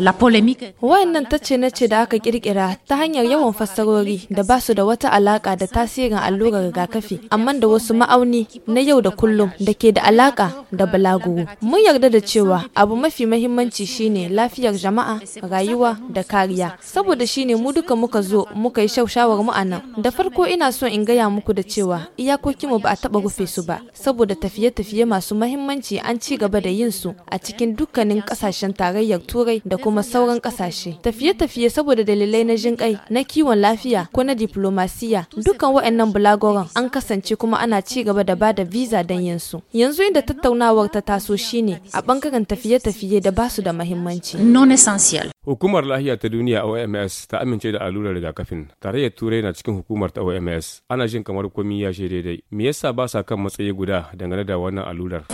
La polemique. Wannan ta ce na ce da aka kirkira ta hanyar yawan fassarori da ba su da wata alaka da tasirin allurar rigakafi, amma da wasu ma'auni na yau da kullum da ke da alaka da balaguro. Mun yarda da cewa abu mafi mahimmanci shine lafiyar jama'a, rayuwa da kariya. Saboda shine mu duka muka zo muka yi shaushawar mu a nan. Da farko ina so in gaya muku da cewa iyakoki mu ba a taba rufe su ba, saboda tafiye-tafiye masu mahimmanci an ci gaba da yin su a cikin dukkanin kasashen tarayyar Turai da kuma sauran kasashe. Tafiye-tafiye saboda dalilai na jin kai, na kiwon lafiya ko na diplomasiya dukkan waɗannan bulagoran an kasance kuma ana ci gaba da ba da visa dan yansu. Yanzu inda tattaunawar ta taso shine a bangaren tafiye-tafiye da basu da mahimmanci. Non Hukumar Lahiya ta Duniya OMS ta amince da allurar rigakafin. Tarayyar Turai na cikin hukumar ta OMS. Ana jin kamar komi ya shi daidai. Me yasa ba sa kan matsayi guda dangane da wannan allurar?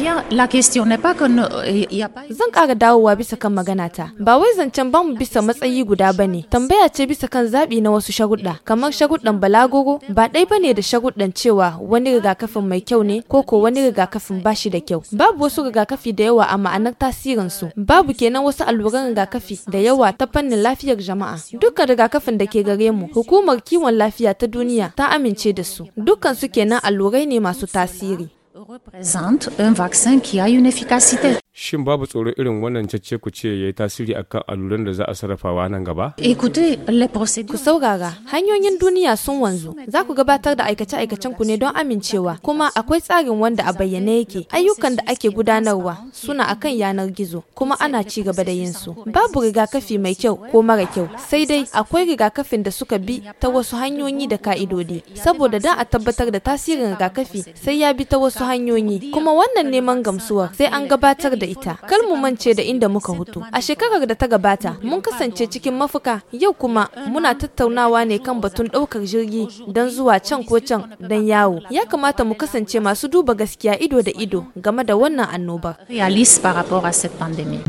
Zan ƙara dawowa bisa kan magana ta. Ba wai zancen ba bisa matsayi guda ba ne, tambaya ce bisa kan zaɓi na wasu shagudda kamar shaguɗan balagogo ba ɗai ba ne da shaguɗan cewa wani rigakafin mai kyau ne ko ko wani rigakafin ba shi da kyau. Babu wasu rigakafi da yawa a ma'anar tasirinsu, babu kenan wasu alluran rigakafi da yawa ta fannin lafiyar jama'a. Dukkan rigakafin da ke gare mu, hukumar kiwon lafiya ta duniya ta amince da su. Dukkan su kenan allurai ne masu tasiri. représente un vaccin qui a une efficacité. Shin babu tsoro irin wannan cece ku ce ya yi tasiri akan alluran da za a sarrafawa nan gaba? Ku saurara, hanyoyin duniya sun wanzu. Za ku gabatar da aikace-aikacen ku ne don amincewa, kuma akwai tsarin wanda a bayyane yake. Ayyukan da ake gudanarwa suna akan yanar gizo, kuma ana ci gaba da yin su. Babu rigakafi mai kyau ko mara kyau, sai dai akwai rigakafin da suka bi ta wasu hanyoyi da ka'idodi. Saboda don a tabbatar da tasirin rigakafi sai ya bi ta wasu hanyoyi, kuma wannan neman gamsuwa sai an gabatar da ita. Kal mu mance da inda muka hutu. A shekarar da ta gabata mun kasance cikin mafuka yau kuma muna tattaunawa ne kan batun ɗaukar jirgi don zuwa can ko can don yawo. Ya kamata mu kasance masu duba gaskiya ido da ido game da wannan annobar. Realist par rapport à cette pandémie.